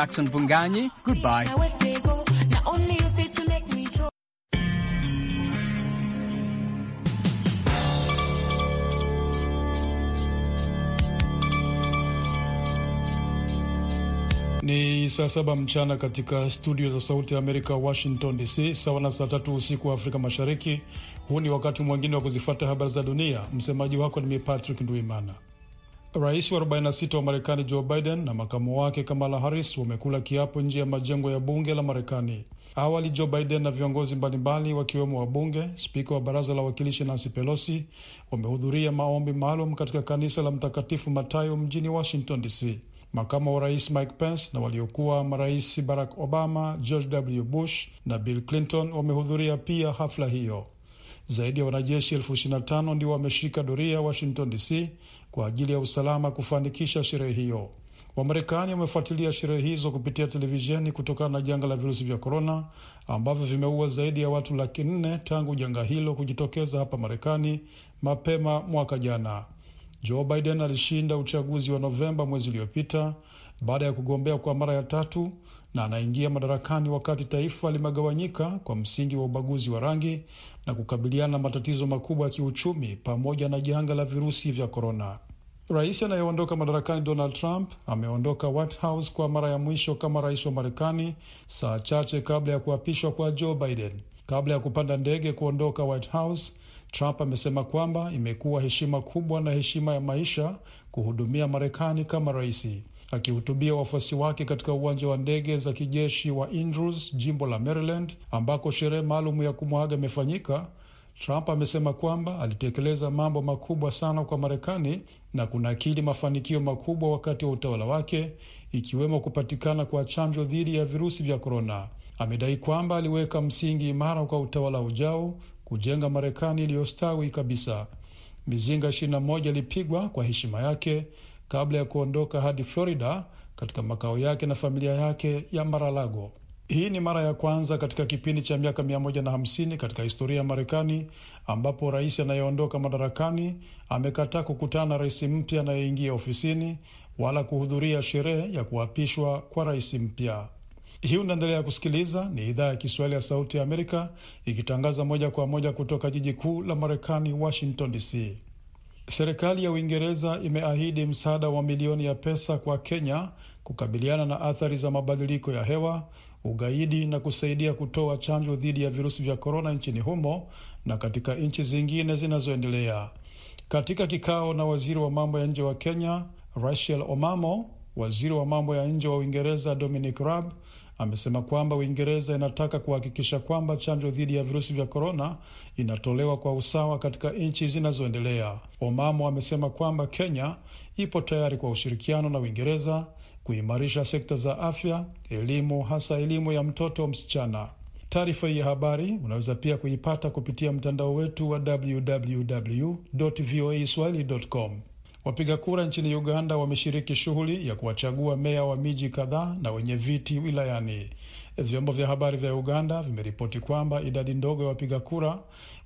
Jackson Bunganyi, goodbye. Oh. Ni saa saba mchana katika studio za Sauti ya Amerika, Washington DC, sawa na saa tatu usiku wa Afrika Mashariki. Huu ni wakati mwingine wa kuzifata habari za dunia. Msemaji wako ni mimi Patrick Nduimana. Rais wa 46 wa Marekani Joe Biden na makamu wake Kamala Harris wamekula kiapo nje ya majengo ya bunge la Marekani. Awali Joe Biden na viongozi mbalimbali wakiwemo wabunge, spika wa baraza la wawakilishi Nancy Pelosi wamehudhuria maombi maalum katika kanisa la Mtakatifu Matayo mjini Washington DC. Makamu wa rais Mike Pence na waliokuwa marais Barack Obama, George W. Bush na Bill Clinton wamehudhuria pia hafla hiyo. Zaidi ya wanajeshi elfu ishirini na tano ndio wameshika doria Washington DC kwa ajili ya usalama kufanikisha sherehe hiyo. Wamarekani wamefuatilia sherehe hizo kupitia televisheni kutokana na janga la virusi vya korona ambavyo vimeua zaidi ya watu laki nne tangu janga hilo kujitokeza hapa Marekani mapema mwaka jana. Joe Biden alishinda uchaguzi wa Novemba mwezi uliopita baada ya kugombea kwa mara ya tatu na anaingia madarakani wakati taifa limegawanyika kwa msingi wa ubaguzi wa rangi na kukabiliana na matatizo makubwa ya kiuchumi pamoja na janga la virusi vya korona. Rais anayeondoka madarakani Donald Trump ameondoka White House kwa mara ya mwisho kama rais wa Marekani saa chache kabla ya kuapishwa kwa Joe Biden. Kabla ya kupanda ndege kuondoka White House, Trump amesema kwamba imekuwa heshima kubwa na heshima ya maisha kuhudumia Marekani kama raisi akihutubia wafuasi wake katika uwanja wa ndege za kijeshi wa Andrews, jimbo la Maryland, ambako sherehe maalum ya kumwaga imefanyika. Trump amesema kwamba alitekeleza mambo makubwa sana kwa Marekani na kunakili mafanikio makubwa wakati wa utawala wake, ikiwemo kupatikana kwa chanjo dhidi ya virusi vya korona. Amedai kwamba aliweka msingi imara kwa utawala ujao kujenga Marekani iliyostawi kabisa. Mizinga 21 ilipigwa kwa heshima yake kabla ya kuondoka hadi Florida katika makao yake na familia yake ya Maralago. Hii ni mara ya kwanza katika kipindi cha miaka mia moja na hamsini katika historia ya Marekani ambapo rais anayeondoka madarakani amekataa kukutana na rais mpya anayeingia ofisini wala kuhudhuria sherehe ya kuapishwa kwa rais mpya. Hii unaendelea kusikiliza, ni idhaa ya Kiswahili ya Sauti ya Amerika ikitangaza moja kwa moja kutoka jiji kuu la Marekani, Washington DC. Serikali ya Uingereza imeahidi msaada wa milioni ya pesa kwa Kenya kukabiliana na athari za mabadiliko ya hewa, ugaidi na kusaidia kutoa chanjo dhidi ya virusi vya korona nchini humo na katika nchi zingine zinazoendelea. Katika kikao na waziri wa mambo ya nje wa Kenya Rachel Omamo, waziri wa mambo ya nje wa Uingereza Dominic Raab amesema kwamba Uingereza inataka kuhakikisha kwamba chanjo dhidi ya virusi vya korona inatolewa kwa usawa katika nchi zinazoendelea. Omamo amesema kwamba Kenya ipo tayari kwa ushirikiano na Uingereza kuimarisha sekta za afya, elimu, hasa elimu ya mtoto msichana. Taarifa hii ya habari unaweza pia kuipata kupitia mtandao wetu wa www voa swahili com. Wapiga kura nchini Uganda wameshiriki shughuli ya kuwachagua meya wa miji kadhaa na wenye viti wilayani. Vyombo vya habari vya Uganda vimeripoti kwamba idadi ndogo ya wapiga kura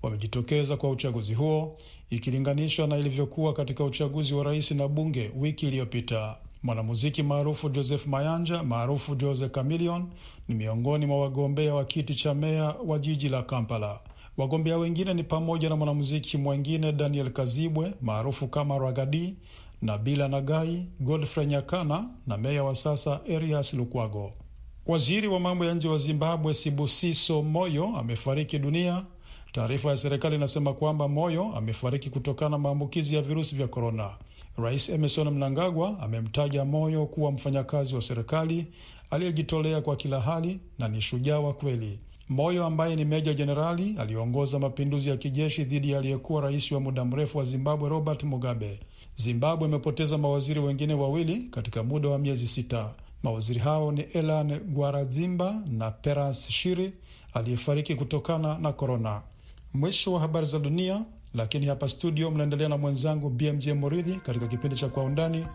wamejitokeza kwa uchaguzi huo ikilinganishwa na ilivyokuwa katika uchaguzi wa rais na bunge wiki iliyopita. Mwanamuziki maarufu Joseph Mayanja maarufu Jose Chameleone ni miongoni mwa wagombea wa kiti cha meya wa jiji la Kampala. Wagombea wengine ni pamoja na mwanamuziki mwengine Daniel Kazibwe maarufu kama Ragadi, Nabila Nagai, Godfrey Nyakana na meya wa sasa Erias Lukwago. Waziri wa mambo ya nje wa Zimbabwe Sibusiso Moyo amefariki dunia. Taarifa ya serikali inasema kwamba Moyo amefariki kutokana na maambukizi ya virusi vya korona. Rais Emerson Mnangagwa amemtaja Moyo kuwa mfanyakazi wa serikali aliyejitolea kwa kila hali na ni shujaa wa kweli. Moyo ambaye ni meja jenerali aliyeongoza mapinduzi ya kijeshi dhidi ya aliyekuwa rais wa muda mrefu wa Zimbabwe Robert Mugabe. Zimbabwe imepoteza mawaziri wengine wawili katika muda wa miezi sita. Mawaziri hao ni Elan guarazimba na peras Shiri aliyefariki kutokana na korona. Mwisho wa habari za dunia, lakini hapa studio mnaendelea na mwenzangu BMJ Moridhi katika kipindi cha Kwa Undani.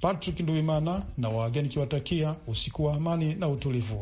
Patrick Nduimana na wageni kiwatakia usiku wa amani na utulivu.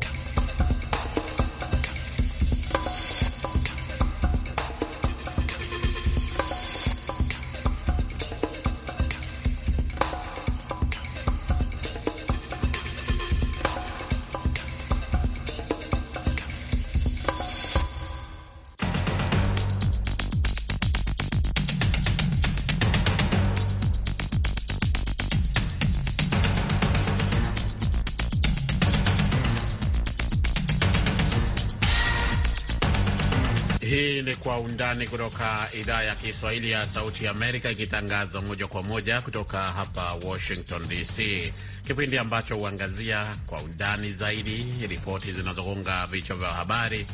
undani kutoka idhaa ya Kiswahili ya Sauti ya Amerika, ikitangaza moja kwa moja kutoka hapa Washington DC, kipindi ambacho huangazia kwa undani zaidi ripoti zinazogonga vichwa vya habari,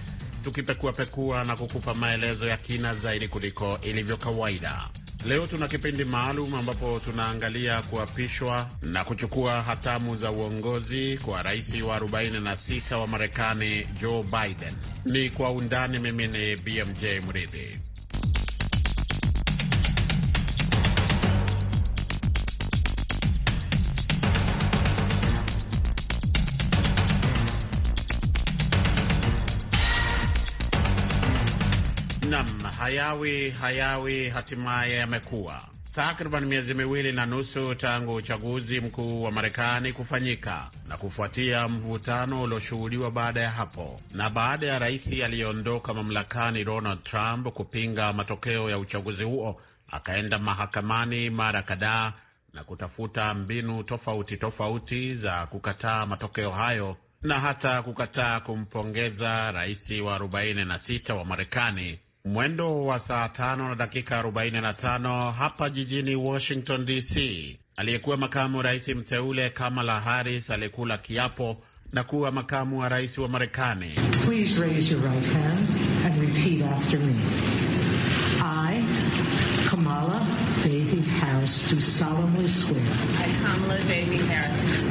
tukipekuapekua na kukupa maelezo ya kina zaidi kuliko ilivyo kawaida. Leo tuna kipindi maalum ambapo tunaangalia kuapishwa na kuchukua hatamu za uongozi kwa rais wa 46 wa Marekani Joe Biden. Ni kwa undani. Mimi ni BMJ Mridhi. hayawi hayawi, hatimaye yamekuwa. Takriban miezi miwili na nusu tangu uchaguzi mkuu wa Marekani kufanyika na kufuatia mvutano ulioshuhudiwa baada ya hapo na baada ya rais aliyeondoka mamlakani Donald Trump kupinga matokeo ya uchaguzi huo, akaenda mahakamani mara kadhaa na kutafuta mbinu tofauti tofauti za kukataa matokeo hayo na hata kukataa kumpongeza rais wa 46 wa Marekani mwendo wa saa tano na dakika 45 hapa jijini Washington DC. Aliyekuwa makamu rais mteule Kamala Harris alikula kiapo na kuwa makamu wa rais wa Marekani. Kamala Harris, do solemnly swear. I, Kamala Harris,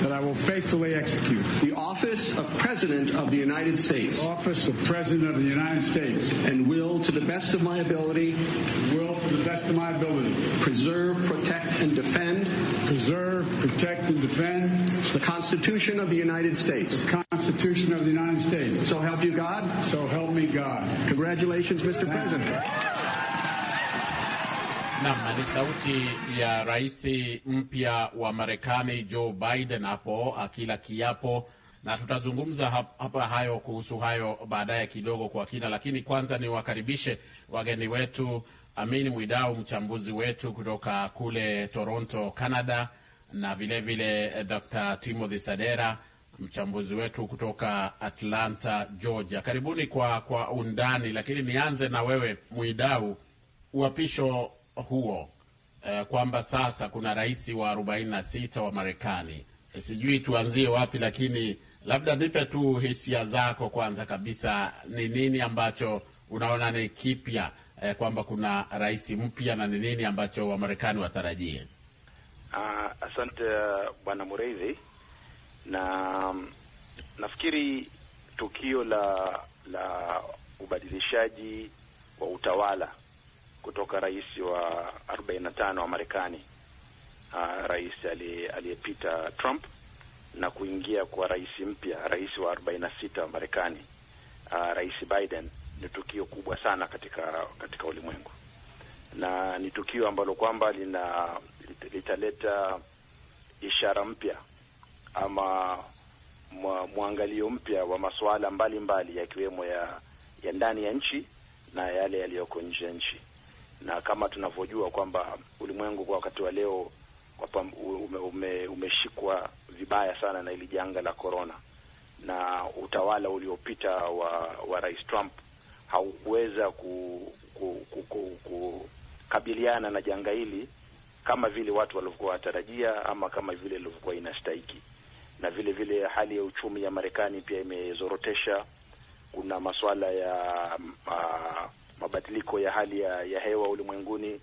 that I will faithfully execute the office of President of the United States office of President of the United States and will, to the best of my ability, will, to the best of my ability, preserve, protect, and defend preserve, protect, and defend the Constitution of the United States. The Constitution of the United States. So help you God. So help me God. Congratulations, Mr. Thank President. You. Nam ni sauti ya rais mpya wa Marekani Joe Biden hapo akila kiapo, na tutazungumza hapa, hayo kuhusu hayo baadaye kidogo kwa kina, lakini kwanza niwakaribishe wageni wetu Amin Mwidau, mchambuzi wetu kutoka kule Toronto, Canada, na vilevile vile eh, Dr. Timothy Sadera, mchambuzi wetu kutoka Atlanta, Georgia. Karibuni kwa kwa undani, lakini nianze na wewe Mwidau, uapisho huo eh, kwamba sasa kuna rais wa 46 wa Marekani. Eh, sijui tuanzie wapi, lakini labda nipe tu hisia zako kwanza kabisa, ni nini ambacho unaona ni kipya eh, kwamba kuna rais mpya na ni nini ambacho Wamarekani watarajie? Uh, asante uh, bwana Mureithi na um, nafikiri tukio la la ubadilishaji wa utawala kutoka rais wa 45 wa Marekani, uh, rais aliyepita Trump na kuingia kwa rais mpya, rais wa 46 wa Marekani, uh, rais Biden ni tukio kubwa sana katika katika ulimwengu na ni tukio ambalo kwamba lina litaleta ishara mpya ama mwangalio mpya wa masuala mbalimbali yakiwemo ya, ya ndani ya nchi na yale yaliyoko nje ya nchi na kama tunavyojua kwamba ulimwengu kwa wakati wa leo ume, ume, umeshikwa vibaya sana na ili janga la korona, na utawala uliopita wa, wa Rais Trump haukuweza ku, ku, ku, ku, kukabiliana na janga hili kama vile watu walivyokuwa watarajia ama kama vile ilivyokuwa inastahiki. Na vile vile hali ya uchumi ya Marekani pia imezorotesha. Kuna masuala ya uh, mabadiliko ya hali ya, ya hewa ulimwenguni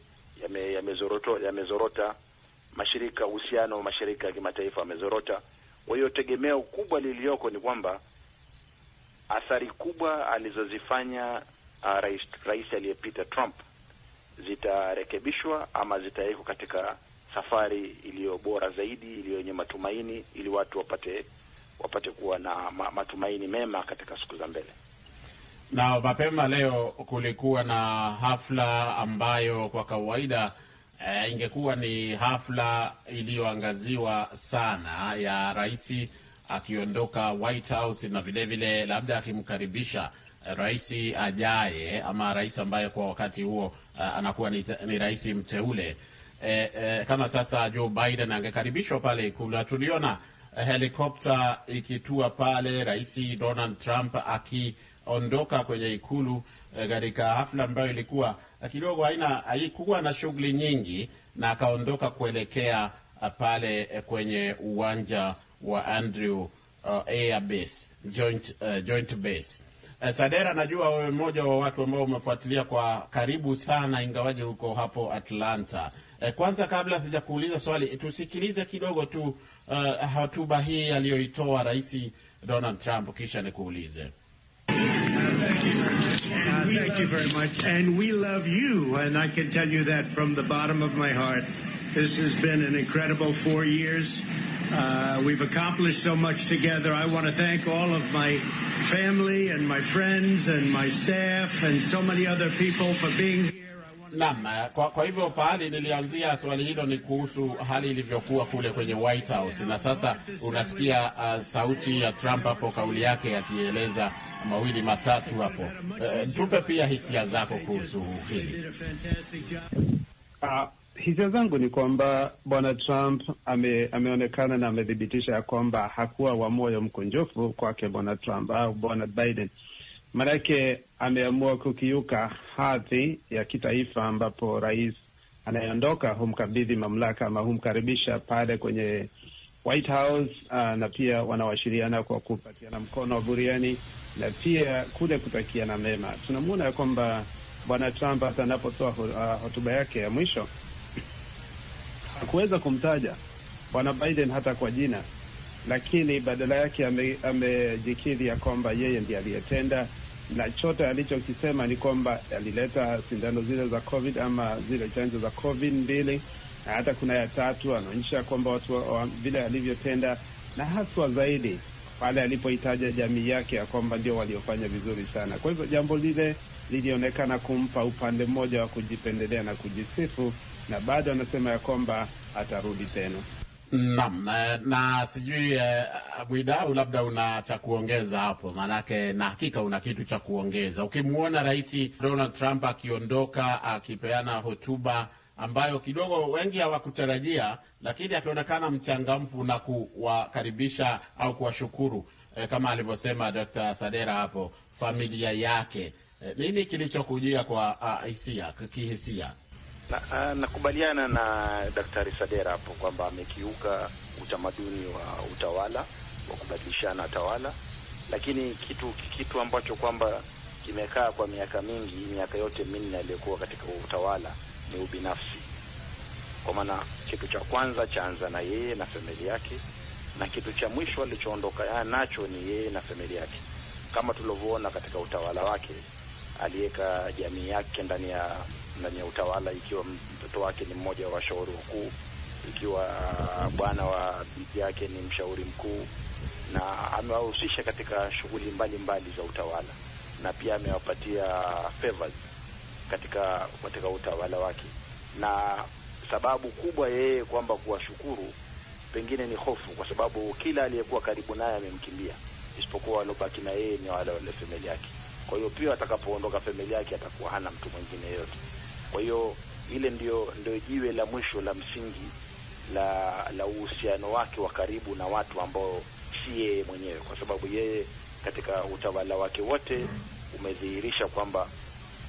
yamezorota, ya yame mashirika uhusiano wa mashirika ya kimataifa yamezorota. Kwa hiyo tegemeo kubwa liliyoko ni kwamba athari kubwa alizozifanya uh, rais, rais aliyepita Trump zitarekebishwa ama zitawekwa katika safari iliyo bora zaidi, iliyo yenye matumaini, ili watu wapate wapate kuwa na matumaini mema katika siku za mbele. Na mapema leo kulikuwa na hafla ambayo kwa kawaida e, ingekuwa ni hafla iliyoangaziwa sana ya rais akiondoka White House na vilevile labda akimkaribisha rais ajaye ama rais ambaye kwa wakati huo eh, anakuwa ni, ni rais mteule e, e, kama sasa Joe Biden angekaribishwa pale Ikulu. Tuliona helikopta ikitua pale, rais Donald Trump aki ondoka kwenye ikulu eh, katika e, hafla ambayo ilikuwa eh, kidogo haina haikuwa na shughuli nyingi, na akaondoka kuelekea eh, pale kwenye uwanja wa Andrew uh, Air Base Joint, uh, Joint Base. E, Sadera, najua wewe mmoja wa watu ambao umefuatilia kwa karibu sana, ingawaje huko hapo Atlanta. E, kwanza kabla sijakuuliza swali, tusikilize kidogo tu uh, hotuba hii aliyoitoa Rais Donald Trump, kisha nikuulize. Thank you. Uh, thank you very much. And we love you. And I can tell you that from the bottom of my heart. This has been an incredible four years. Uh, we've accomplished so much together. I want to thank all of my family and my friends and my staff and so many other people for being here. Naam, kwa, kwa hivyo pahali nilianzia swali hilo ni kuhusu hali ilivyokuwa kule kwenye White House, na sasa unasikia uh, sauti ya Trump hapo, kauli yake akieleza mawili matatu hapo. Uh, tupe pia hisia zako kuhusu hili. Uh, hisia zangu ni kwamba bwana Trump ame, ameonekana na amethibitisha ya kwamba hakuwa wa moyo mkunjufu kwake bwana Trump au bwana Biden, maanake ameamua kukiuka hadhi ya kitaifa ambapo rais anayeondoka humkabidhi mamlaka ama humkaribisha pale kwenye White House, uh, na pia wanawashiriana kwa kupatiana mkono wa buriani na pia kule kutakia na mema. Tunamwona ya kwamba bwana Trump hata anapotoa ah, hotuba yake ya mwisho hakuweza kumtaja bwana Biden hata kwa jina, lakini badala yake amejikiri ame ya kwamba yeye ndiye aliyetenda na chote alichokisema ni kwamba alileta sindano zile za COVID ama zile chanjo za COVID mbili na hata kuna ya tatu. Anaonyesha kwamba watu wa, wa, vile alivyotenda na haswa zaidi pale alipoitaja jamii yake ya kwamba ndio waliofanya vizuri sana. Kwa hivyo jambo lile lilionekana kumpa upande mmoja wa kujipendelea na kujisifu, na bado anasema ya kwamba atarudi tena. Naam, eh, na sijui eh, labda una cha kuongeza hapo, maanake na hakika una kitu cha kuongeza. Ukimwona Rais Donald Trump akiondoka akipeana hotuba ambayo kidogo wengi hawakutarajia, lakini akionekana mchangamfu na kuwakaribisha au kuwashukuru e, kama alivyosema Dr. Sadera hapo, familia yake e, nini kilichokujia kwa ah, hisia kihisia? Ah, nakubaliana na, na Daktari Sadera hapo kwamba amekiuka utamaduni wa utawala wa kubadilishana tawala, lakini kitu kitu ambacho kwamba kimekaa kwa miaka mingi, miaka yote minne aliyokuwa katika utawala ni ubinafsi, kwa maana kitu cha kwanza chaanza na yeye na familia yake, na kitu cha mwisho alichoondoka nacho ni yeye na familia yake. Kama tulivyoona katika utawala wake, aliweka jamii yake ndani ya ndani ya utawala, ikiwa mtoto wake ni mmoja wa washauri wakuu, ikiwa uh, bwana wa bibi yake ni mshauri mkuu, na amewahusisha katika shughuli mbalimbali za utawala, na pia amewapatia favors katika, katika utawala wake, na sababu kubwa yeye kwamba kuwashukuru pengine ni hofu, kwa sababu kila aliyekuwa karibu naye amemkimbia, isipokuwa waliobaki na yeye ni wale wale familia yake. Kwa hiyo pia atakapoondoka familia yake atakuwa hana mtu mwingine yote. Kwa hiyo ile ndio ndio jiwe la mwisho la msingi la la uhusiano wake wa karibu na watu ambao si yeye mwenyewe, kwa sababu yeye katika utawala wake wote umedhihirisha kwamba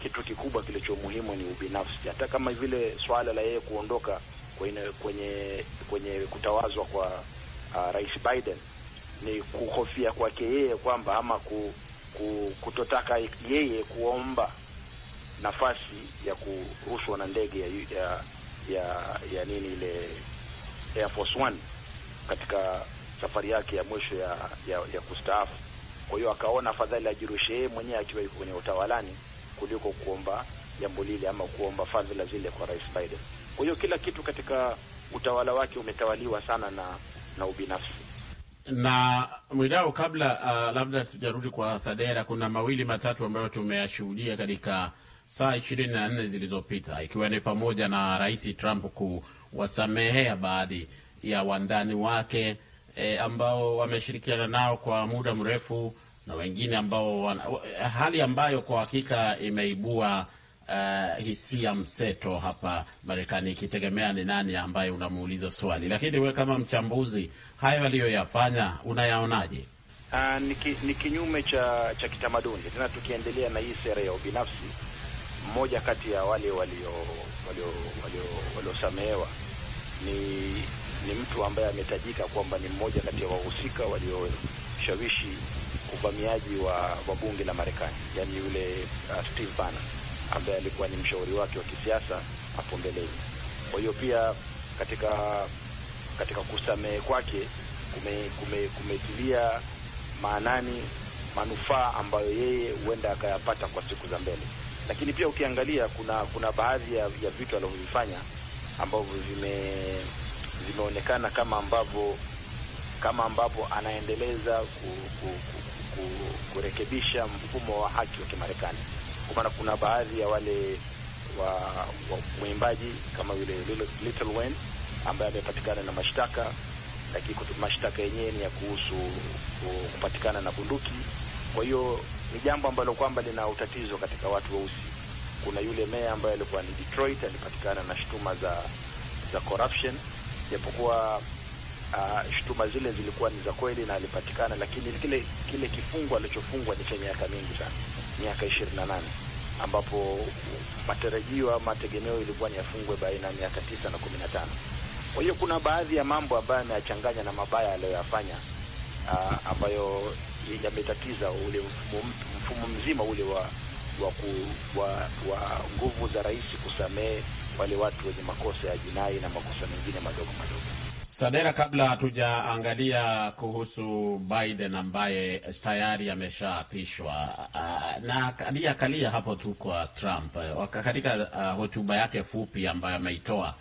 kitu kikubwa kilicho muhimu ni ubinafsi, hata kama vile swala la yeye kuondoka kwenye kwenye, kwenye kutawazwa kwa uh, Rais Biden ni kuhofia kwake yeye kwamba ama ku, ku, kutotaka yeye kuomba nafasi ya kurushwa na ndege ya, ya, ya, ya nini ile Air Force One katika safari yake ya mwisho ya, ya, ya kustaafu. Kwa hiyo akaona afadhali ajirushe yeye mwenyewe akiwa yuko kwenye utawalani kuliko kuomba jambo lile ama kuomba fadhila zile kwa Rais Biden. Kwa hiyo kila kitu katika utawala wake umetawaliwa sana na, na ubinafsi na Mwidao. Kabla uh, labda tujarudi kwa Sadera, kuna mawili matatu ambayo tumeyashuhudia katika saa ishirini na nne zilizopita ikiwa ni pamoja na Rais Trump kuwasamehea baadhi ya wandani wake e, ambao wameshirikiana nao kwa muda mrefu na wengine ambao wana, hali ambayo kwa hakika imeibua uh, hisia mseto hapa Marekani, ikitegemea ni nani ambaye unamuuliza swali. Lakini we kama mchambuzi, hayo aliyoyafanya unayaonaje? Uh, ni kinyume cha, cha kitamaduni. Tena tukiendelea na hii sera ya ubinafsi, mmoja kati ya wale waliosamehewa ni, ni mtu ambaye ametajika kwamba ni mmoja kati ya wahusika walioshawishi uvamiaji wa, wa bunge la Marekani, yaani yule uh, Steve Bannon ambaye alikuwa ni mshauri wake wa kisiasa hapo mbeleni. Kwa hiyo pia katika katika kusamehe kwake kumetilia kume, kume maanani manufaa ambayo yeye huenda akayapata kwa siku za mbele, lakini pia ukiangalia kuna kuna baadhi ya, ya vitu alivyovifanya ambavyo vime vimeonekana kama ambavyo kama ambavyo anaendeleza ku, ku, ku, kurekebisha mfumo wa haki wa Kimarekani, kwa maana kuna baadhi ya wale wa, wa mwimbaji kama vile Little Wayne ambaye amepatikana na mashtaka, lakini mashtaka yenyewe ni ya kuhusu kupatikana na bunduki. Kwa hiyo ni jambo ambalo kwamba lina utatizo katika watu weusi. Kuna yule meya ambaye alikuwa ni Detroit, alipatikana na shutuma za za corruption, japokuwa uh, shutuma zile zilikuwa ni za kweli na alipatikana, lakini kile kile kifungo alichofungwa ni cha miaka mingi sana, miaka ishirini na nane ambapo matarajio ama mategemeo ilikuwa ni afungwe baina ya miaka tisa na kumi na tano. Kwa hiyo kuna baadhi ya mambo ambayo ameyachanganya na mabaya aliyoyafanya, uh, ambayo yametatiza ule mfumo, mfumo mzima ule wa wa, ku, wa wa nguvu za rais kusamehe wale watu wenye makosa ya jinai na makosa mengine madogo madogo. Sadera, kabla hatujaangalia kuhusu Biden ambaye tayari ameshaapishwa uh, na kalia kalia hapo tu kwa Trump uh, katika uh, hotuba yake fupi ambayo ameitoa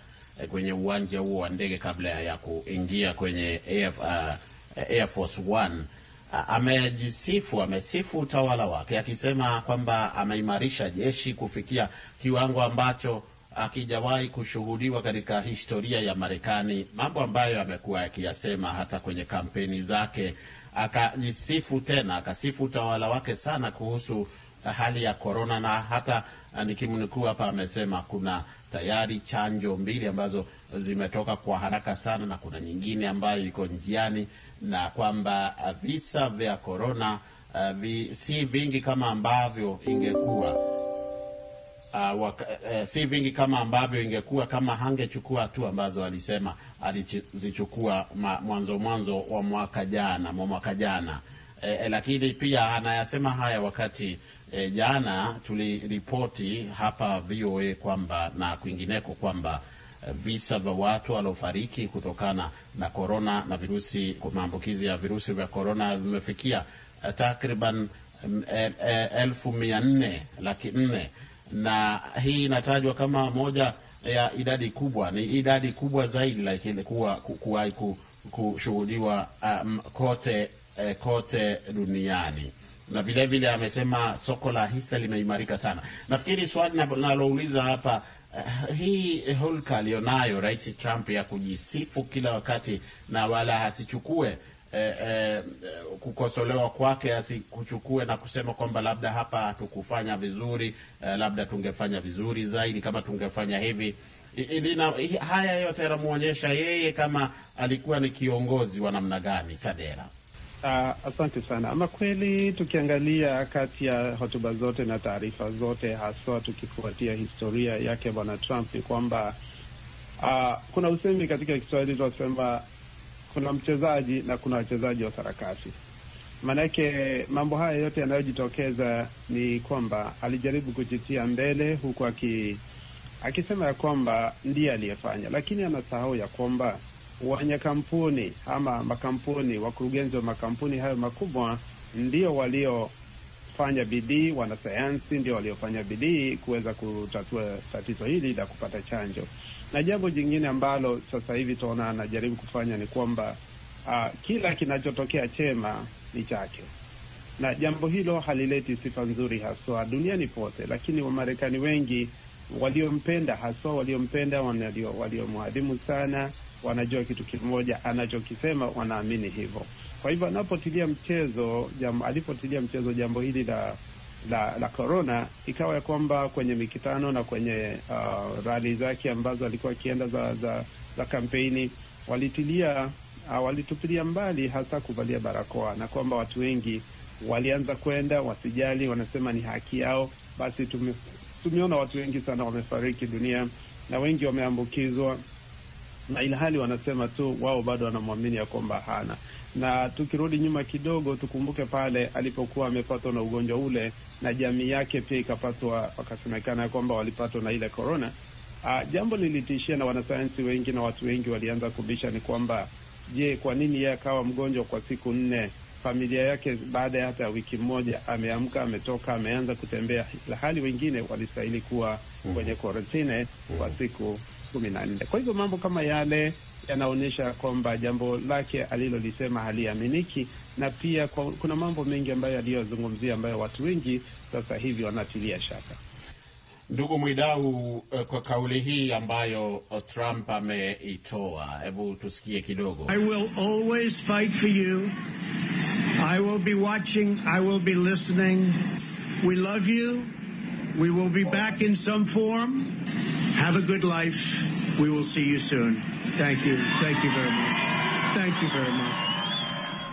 kwenye uwanja huo wa ndege kabla ya kuingia kwenye AF, uh, Air Force One amejisifu, amesifu utawala wake akisema kwamba ameimarisha jeshi kufikia kiwango ambacho akijawahi kushuhudiwa katika historia ya Marekani, mambo ambayo amekuwa akiyasema hata kwenye kampeni zake. Akajisifu tena, akasifu utawala wake sana kuhusu eh, hali ya korona, na hata eh, nikimnukuu hapa, amesema kuna tayari chanjo mbili ambazo zimetoka kwa haraka sana na kuna nyingine ambayo iko njiani, na kwamba eh, visa vya korona uh, vi, si vingi kama ambavyo ingekuwa uh, waka, uh, si vingi kama ambavyo ingekuwa kama hangechukua hatua ambazo alisema alizichukua mwanzo mwanzo wa mwaka jana mwa mwaka jana e, e, lakini pia anayasema haya wakati e, jana tuliripoti hapa VOA kwamba na kwingineko kwamba visa vya watu waliofariki kutokana na korona na virusi maambukizi ya virusi vya korona vimefikia takriban elfu mia nne laki nne na hii inatajwa kama moja ya idadi kubwa, ni idadi kubwa zaidi lakini kuwa kuwahi kushuhudiwa um, kote eh, kote duniani na vilevile vile amesema soko la hisa limeimarika sana. Nafikiri swali nalouliza hapa uh, hii hulka aliyonayo Rais Trump ya kujisifu kila wakati na wala hasichukue eh, eh, kukosolewa kwake asikuchukue na kusema kwamba labda hapa hatukufanya vizuri eh, labda tungefanya vizuri zaidi kama tungefanya hivi. Ilina, haya yote yanamwonyesha yeye kama alikuwa ni kiongozi wa namna gani Sadera. Uh, asante sana. Ama kweli tukiangalia kati ya hotuba zote na taarifa zote, haswa tukifuatia historia yake Bwana Trump, ni kwamba uh, kuna usemi katika Kiswahili tunasema kuna mchezaji na kuna wachezaji wa sarakasi. Maanake mambo haya yote yanayojitokeza ni kwamba alijaribu kujitia mbele huku aki, akisema ya kwamba ndiye aliyefanya, lakini anasahau ya kwamba wenye kampuni ama makampuni, wakurugenzi wa makampuni hayo makubwa ndio walio wamefanya bidii, wanasayansi ndio waliofanya bidii kuweza kutatua tatizo hili la kupata chanjo. Na jambo jingine ambalo sasa hivi tunaona anajaribu kufanya ni kwamba uh, kila kinachotokea chema ni chake, na jambo hilo halileti sifa nzuri haswa duniani pote, lakini Wamarekani wengi waliompenda haswa, waliompenda waliomwadhimu sana, wanajua kitu kimoja anachokisema, wanaamini hivyo. Kwa hivyo anapotilia mchezo jam, alipotilia mchezo jambo hili la la la korona, ikawa ya kwamba kwenye mikitano na kwenye uh, rali zake ambazo alikuwa akienda za, za, za kampeni walitilia uh, walitupilia mbali hasa kuvalia barakoa na kwamba watu wengi walianza kwenda wasijali, wanasema ni haki yao. Basi tumeona watu wengi sana wamefariki dunia na wengi wameambukizwa na ilhali wanasema tu wao bado wanamwamini ya kwamba hana. Na tukirudi nyuma kidogo, tukumbuke pale alipokuwa amepatwa na ugonjwa ule na jamii yake pia ikapatwa, wakasemekana ya kwamba walipatwa na ile korona. Uh, ah, jambo lilitishia na wanasayansi wengi na watu wengi walianza kubisha ni kwamba je, kwa nini yeye akawa mgonjwa kwa siku nne, familia yake baada ya hata wiki moja ameamka, ametoka, ameanza kutembea, ilhali wengine walistahili kuwa mm-hmm. kwenye karantine kwa mm-hmm. siku kumi na nne. Kwa hivyo mambo kama yale yanaonyesha kwamba jambo lake alilolisema haliaminiki, na pia kwa, kuna mambo mengi ambayo aliyozungumzia ambayo watu wengi sasa hivi wanatilia shaka. Ndugu Mwidau, eh, kwa kauli hii ambayo eh, Trump ameitoa, hebu tusikie kidogo. I will always fight for you. I will be watching. I will be listening. We love you. We will be back in some form. Have a good life. We will see you soon. Thank you. Thank you very much. Thank you very much.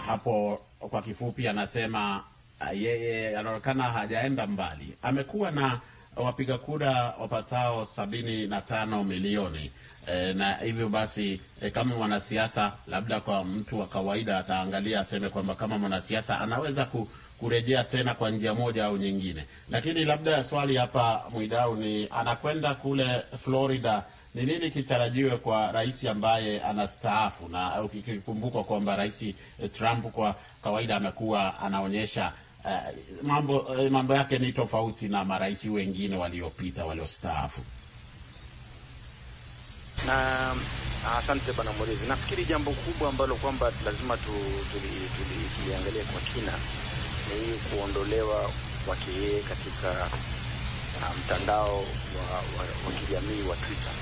Hapo kwa kifupi anasema ah, yeye anaonekana hajaenda mbali. Amekuwa na wapiga kura wapatao sabini na tano milioni e, na hivyo basi e, kama mwanasiasa labda kwa mtu wa kawaida ataangalia aseme kwamba kama mwanasiasa anaweza ku kurejea tena kwa njia moja au nyingine. Lakini labda swali hapa Mwidau ni anakwenda kule Florida, ni nini kitarajiwe kwa rais ambaye anastaafu, na ukikumbukwa kwamba rais eh, Trump kwa kawaida amekuwa anaonyesha uh, mambo uh, mambo yake ni tofauti na marais wengine waliopita waliostaafu. Na asante bwana Murizi, nafikiri jambo kubwa ambalo kwamba lazima tuliangalia tuli, tuli, kwa kina ni kuondolewa kwake yeye katika uh, mtandao wa, wa, wa kijamii wa Twitter.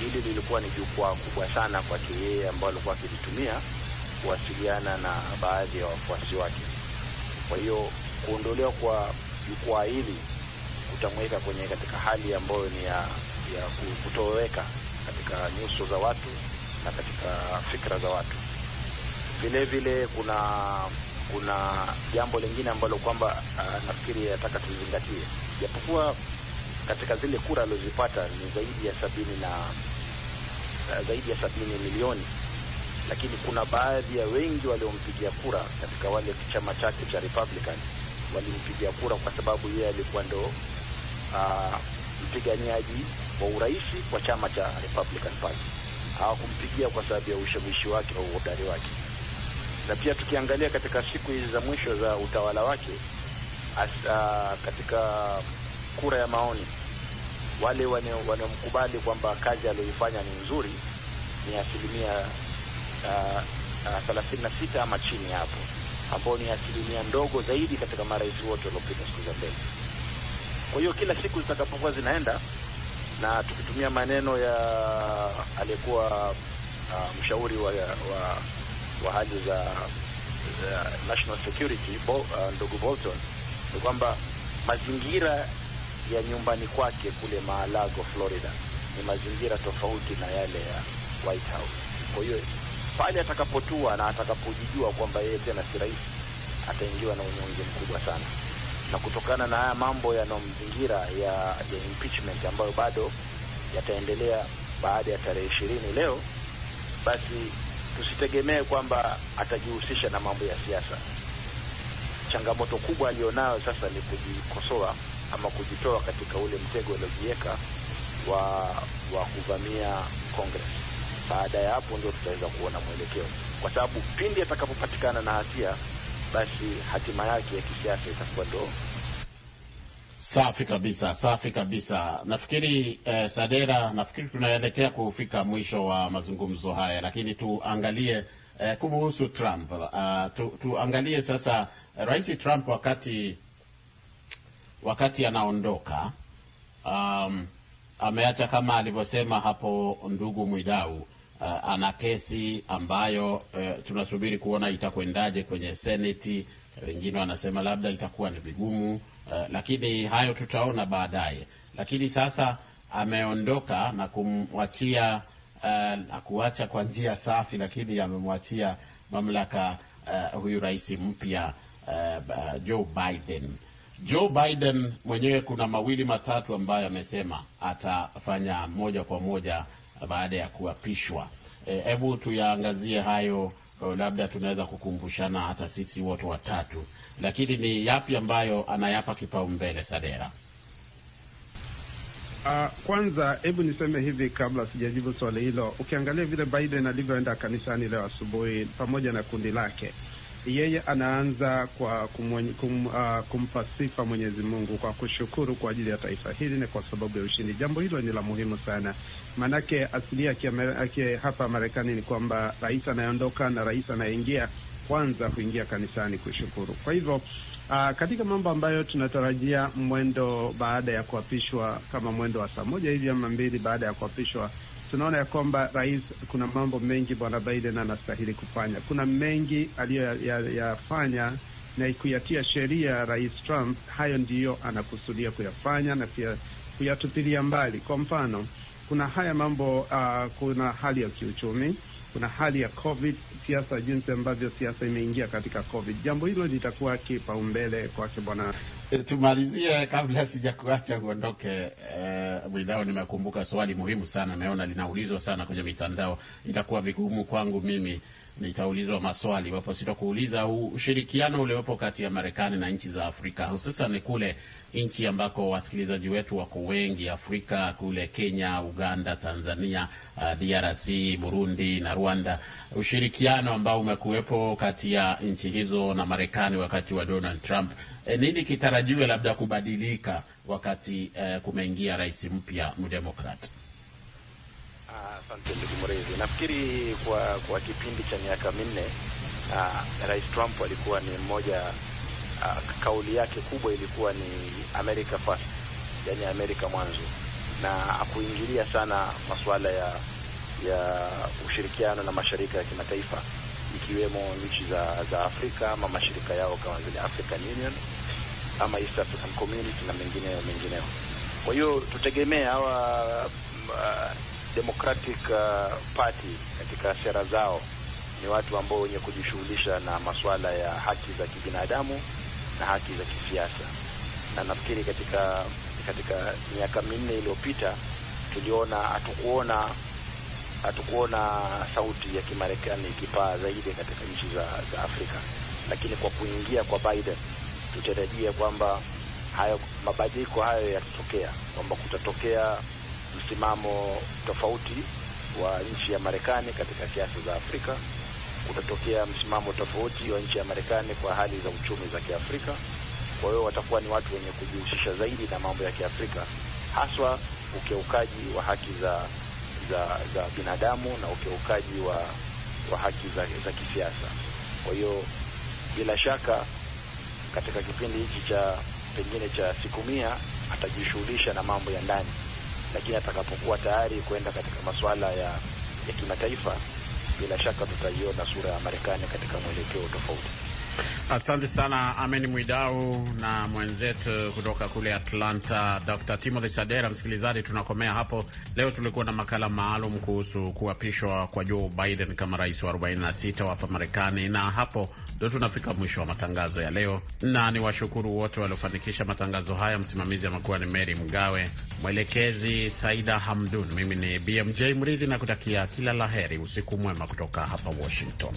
Hili lilikuwa ni jukwaa kubwa sana kwake yeye ambayo alikuwa akilitumia kuwasiliana na baadhi ya wafuasi wake. Kwa hiyo kuondolewa kwa jukwaa hili kutamweka kwenye katika hali ambayo ni ya, ya kutoweka katika nyuso za watu na katika fikra za watu. Vile vile kuna kuna jambo lingine ambalo kwamba uh, nafikiri yataka tuzingatie, japokuwa katika zile kura alizozipata ni zaidi ya sabini na uh, zaidi ya sabini milioni, lakini kuna baadhi ya wengi waliompigia kura katika wale chama chake cha Republican walimpigia kura kwa sababu yeye alikuwa ndo uh, mpiganiaji wa urais wa chama cha Republican Party. Hawakumpigia kwa sababu ya ushawishi wake au uhodari wake na pia tukiangalia katika siku hizi za mwisho za utawala wake asa, katika kura ya maoni wale wanaomkubali kwamba kazi aliyoifanya ni nzuri ni asilimia ah, ah, thelathini na sita ama chini hapo, ambao ni asilimia ndogo zaidi katika marais wote waliopita siku za mbele. Kwa hiyo kila siku zitakapokuwa zinaenda na tukitumia maneno ya aliyekuwa ah, mshauri wa, wa wa hali za uh, national security Bo, uh, ndugu Bolton ni kwamba mazingira ya nyumbani kwake kule maalago Florida ni mazingira tofauti na yale ya White House. Kwa hiyo pale atakapotua na atakapojijua kwamba yeye tena si rais, ataingiwa na unyonge mkubwa sana, na kutokana na haya mambo yanayomzingira ya, ya impeachment ambayo bado yataendelea baada ya tarehe ishirini leo basi tusitegemee kwamba atajihusisha na mambo ya siasa. Changamoto kubwa aliyonayo sasa ni kujikosoa ama kujitoa katika ule mtego aliojiweka wa wa kuvamia Congress. Baada ya hapo ndio tutaweza kuona mwelekeo, kwa sababu pindi atakapopatikana na hatia, basi hatima yake ya kisiasa itakuwa ndio Safi kabisa, safi kabisa. Nafikiri eh, Sadera, nafikiri tunaelekea kufika mwisho wa mazungumzo haya, lakini tuangalie eh, kuhusu Trump. Uh, tu, tuangalie sasa Rais Trump wakati wakati anaondoka, um, ameacha kama alivyosema hapo ndugu Mwidau Uh, ana kesi ambayo uh, tunasubiri kuona itakwendaje kwenye seneti. Wengine wanasema labda itakuwa ni vigumu, Eh, lakini hayo tutaona baadaye. Lakini sasa ameondoka na kumwachia uh, na kuacha kwa njia safi, lakini amemwachia mamlaka uh, huyu rais mpya uh, Joe Biden. Joe Biden mwenyewe kuna mawili matatu ambayo amesema atafanya moja kwa moja baada ya kuapishwa. Hebu e, tuyaangazie hayo labda tunaweza kukumbushana hata sisi wote watatu, lakini ni yapi ambayo anayapa kipaumbele Sadera? Uh, kwanza hebu niseme hivi kabla sijajibu swali hilo. Ukiangalia vile Biden alivyoenda kanisani leo asubuhi pamoja na kundi lake yeye anaanza kwa kumwenye, kum, uh, kumpa sifa Mwenyezi Mungu kwa kushukuru kwa ajili ya taifa hili na kwa sababu ya ushindi. Jambo hilo ni la muhimu sana, maanake asilia yake hapa Marekani ni kwamba rais anayeondoka na rais anayeingia kwanza kuingia kanisani kushukuru. Kwa hivyo uh, katika mambo ambayo tunatarajia mwendo baada ya kuapishwa, kama mwendo wa saa moja hivi ama mbili baada ya kuapishwa tunaona ya kwamba rais, kuna mambo mengi bwana Biden anastahili kufanya. Kuna mengi aliyoyafanya na kuyatia sheria rais Trump, hayo ndiyo anakusudia kuyafanya na pia kuyatupilia mbali. Kwa mfano, kuna haya mambo uh, kuna hali ya kiuchumi kuna hali ya COVID, siasa, jinsi ambavyo siasa imeingia katika COVID. Jambo hilo litakuwa kipaumbele kwake. Bwana, e, tumalizie kabla sijakuacha uondoke. E, Mwidao, nimekumbuka swali muhimu sana, naona linaulizwa sana kwenye mitandao. Itakuwa vigumu kwangu mimi nitaulizwa maswali wapo, sitakuuliza ushirikiano uliopo kati ya Marekani na nchi za Afrika hususan kule nchi ambako wasikilizaji wetu wako wengi, Afrika kule Kenya, Uganda, Tanzania, uh, DRC, Burundi na Rwanda, ushirikiano ambao umekuwepo kati ya nchi hizo na Marekani wakati wa Donald Trump. E, nini kitarajiwe labda kubadilika wakati uh, kumeingia rais mpya mdemokrat? Asante ndugu Mrezi, nafikiri kwa kwa kipindi cha miaka minne uh, rais Trump alikuwa ni mmoja Ah, kauli yake kubwa ilikuwa ni America first, yani Amerika mwanzo, na akuingilia sana masuala ya ya ushirikiano na mashirika ya kimataifa ikiwemo nchi za za Afrika ama mashirika yao kama vile African Union ama East African Community na mengineyo mengineyo. Kwa hiyo tutegemee hawa mm, ah, Democratic uh, Party katika sera zao ni watu ambao wenye kujishughulisha na masuala ya haki za kibinadamu na haki za kisiasa, na nafikiri katika katika miaka minne iliyopita tuliona hatukuona hatukuona sauti ya Kimarekani ikipaa zaidi katika nchi za, za Afrika, lakini kwa kuingia kwa Biden tutarajia kwamba hayo mabadiliko hayo yatatokea, kwamba kutatokea msimamo tofauti wa nchi ya Marekani katika siasa za Afrika kutatokea msimamo tofauti wa nchi ya Marekani kwa hali za uchumi za Kiafrika. Kwa hiyo watakuwa ni watu wenye kujihusisha zaidi na mambo ya Kiafrika, haswa ukiukaji wa haki za za, za binadamu na ukiukaji wa, wa haki za, za kisiasa. Kwa hiyo bila shaka katika kipindi hiki cha pengine cha siku mia atajishughulisha na mambo ya ndani, lakini atakapokuwa tayari kwenda katika masuala ya, ya kimataifa bila shaka tutaiona sura ya Marekani katika mwelekeo tofauti. Asante sana Amen Mwidau na mwenzetu kutoka kule Atlanta, Dr Timothy Sadera. Msikilizaji, tunakomea hapo leo. Tulikuwa na makala maalum kuhusu kuapishwa kwa Joe Biden kama rais wa 46 wa hapa Marekani, na hapo ndo tunafika mwisho wa matangazo ya leo, na ni washukuru wote waliofanikisha matangazo haya. Msimamizi amekuwa ni Mary Mgawe, mwelekezi Saida Hamdun, mimi ni BMJ Mridhi na kutakia kila la heri, usiku mwema kutoka hapa Washington.